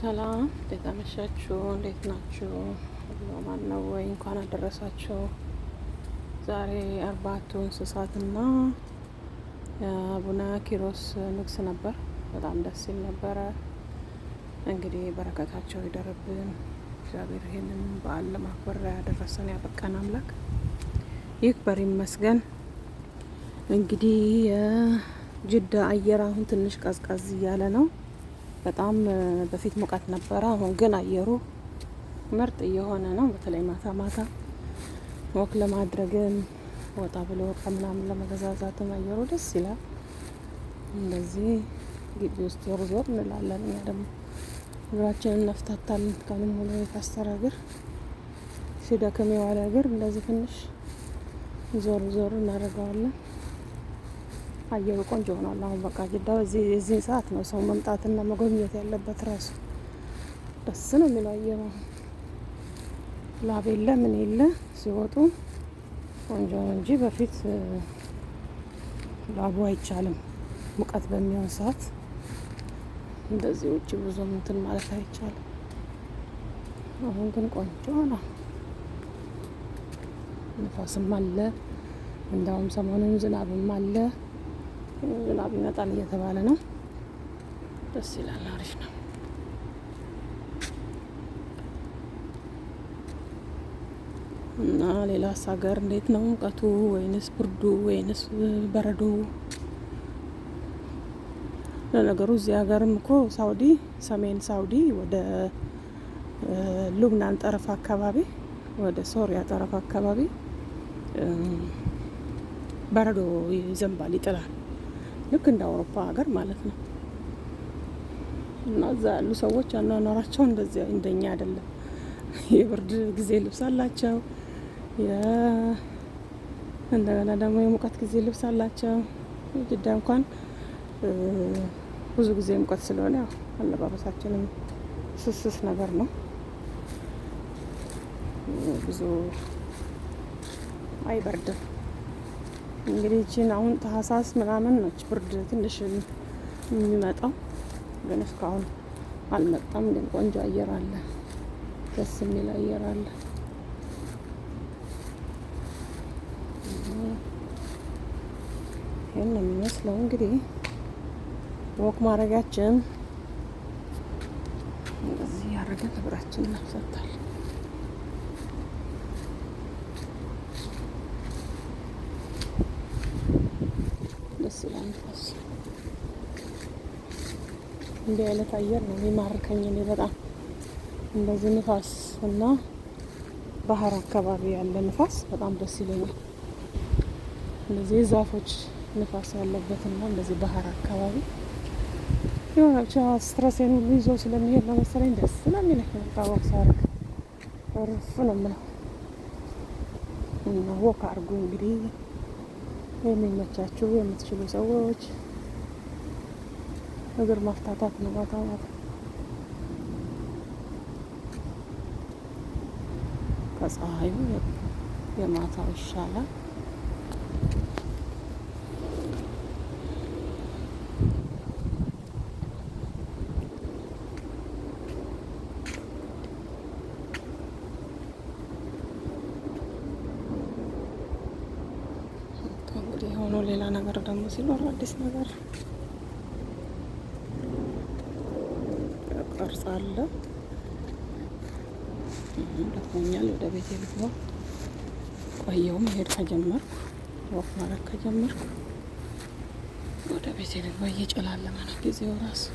ሰላም እንዴት አመሻችሁ? እንዴት ናችሁ? ማን ነው ወይ? እንኳን አደረሳችሁ። ዛሬ አርባቱ እንስሳትና አቡነ ኪሮስ ንግስ ነበር። በጣም ደስ ይል ነበረ። እንግዲህ በረከታቸው ይደርብን። እግዚአብሔር ይህንን በዓል ለማክበር ያደረሰን ያበቃን አምላክ ይክበር ይመስገን። እንግዲህ የጅዳ አየር አሁን ትንሽ ቀዝቀዝ እያለ ነው በጣም በፊት ሙቀት ነበረ። አሁን ግን አየሩ ምርጥ እየሆነ ነው። በተለይ ማታ ማታ ወክ ለማድረግም ወጣ ብሎ እቃ ምናምን ለመገዛዛትም አየሩ ደስ ይላል። እንደዚህ ግቢ ውስጥ ዞር ዞር እንላለን። እኛ ደግሞ እግራችንን ነፍታታለን። ቀንም ሙሉ የታሰረ እግር ሲደክም የዋለ እግር እንደዚህ ትንሽ ዞር ዞር እናደርገዋለን። አየሩ ቆንጆ ሆኗል። አሁን በቃ ጅዳ የዚህን ሰዓት ነው ሰው መምጣትና መጎብኘት ያለበት። ራሱ ደስ ነው የሚለው አየሩ። ላብ የለ ምን የለ ሲወጡ ቆንጆ ነው እንጂ በፊት ላቡ አይቻልም። ሙቀት በሚሆን ሰዓት እንደዚህ ውጭ ብዙ እንትን ማለት አይቻልም። አሁን ግን ቆንጆ ነው። ንፋስም አለ፣ እንዳውም ሰሞኑን ዝናብም አለ። ዝናብ ይመጣል እየተባለ ነው። ደስ ይላል። አሪፍ ነው። እና ሌላስ ሀገር እንዴት ነው ሙቀቱ? ወይንስ ብርዱ? ወይንስ በረዶ? ለነገሩ እዚህ ሀገርም እኮ ሳውዲ፣ ሰሜን ሳውዲ ወደ ሉብናን ጠረፍ አካባቢ ወደ ሶሪያ ጠረፍ አካባቢ በረዶ ይዘንባል፣ ይጥላል። ልክ እንደ አውሮፓ ሀገር ማለት ነው። እና እዛ ያሉ ሰዎች አኗኗራቸው እንደዚ እንደኛ አይደለም። የብርድ ጊዜ ልብስ አላቸው። እንደገና ደግሞ የሙቀት ጊዜ ልብስ አላቸው። ጅዳ እንኳን ብዙ ጊዜ ሙቀት ስለሆነ ያው አለባበሳችንም ስስስ ነገር ነው። ብዙ አይበርድም። እንግዲህ ይህችን አሁን ታህሳስ ምናምን ነች ብርድ ትንሽ የሚመጣው ግን እስካሁን አልመጣም። ግን ቆንጆ አየር አለ፣ ደስ የሚል አየር አለ። ይህን ነው የሚመስለው እንግዲህ ወክ ማድረጋችን እንደዚህ ያደረገ ክብራችንን አብሰርታል። ንፋስ እንዲህ አይነት አየር ነው የሚማርከኝ እኔ በጣም እንደዚህ ንፋስ እና ባህር አካባቢ ያለ ንፋስ በጣም ደስ ይለኛል። እንደዚህ ዛፎች ንፋስ ያለበትና እንደዚህ ባህር አካባቢ የሆነ ብቻ ስትረሴን ሁሉ ይዞ ስለሚሄድ ነው መሰለኝ ደስ ነው በቃ ወቅት ሳርግ ርፍ ነው የምለው እና ወክ አድርጉ እንግዲህ የሚመቻችሁ የምትችሉ ሰዎች እግር ማፍታታት ነው ቦታው ማለት ከፀሐዩ የማታው ይሻላል። ሆኖ ሌላ ነገር ደግሞ ሲኖር አዲስ ነገር ቅርጽ አለ። ደክሞኛል፣ ወደ ቤት ልግባ። ቆየው መሄድ ከጀመርኩ ወፍ ማረግ ከጀመርኩ ወደ ቤት ልግባ። እየጨላለመ ነው ጊዜው ራሱ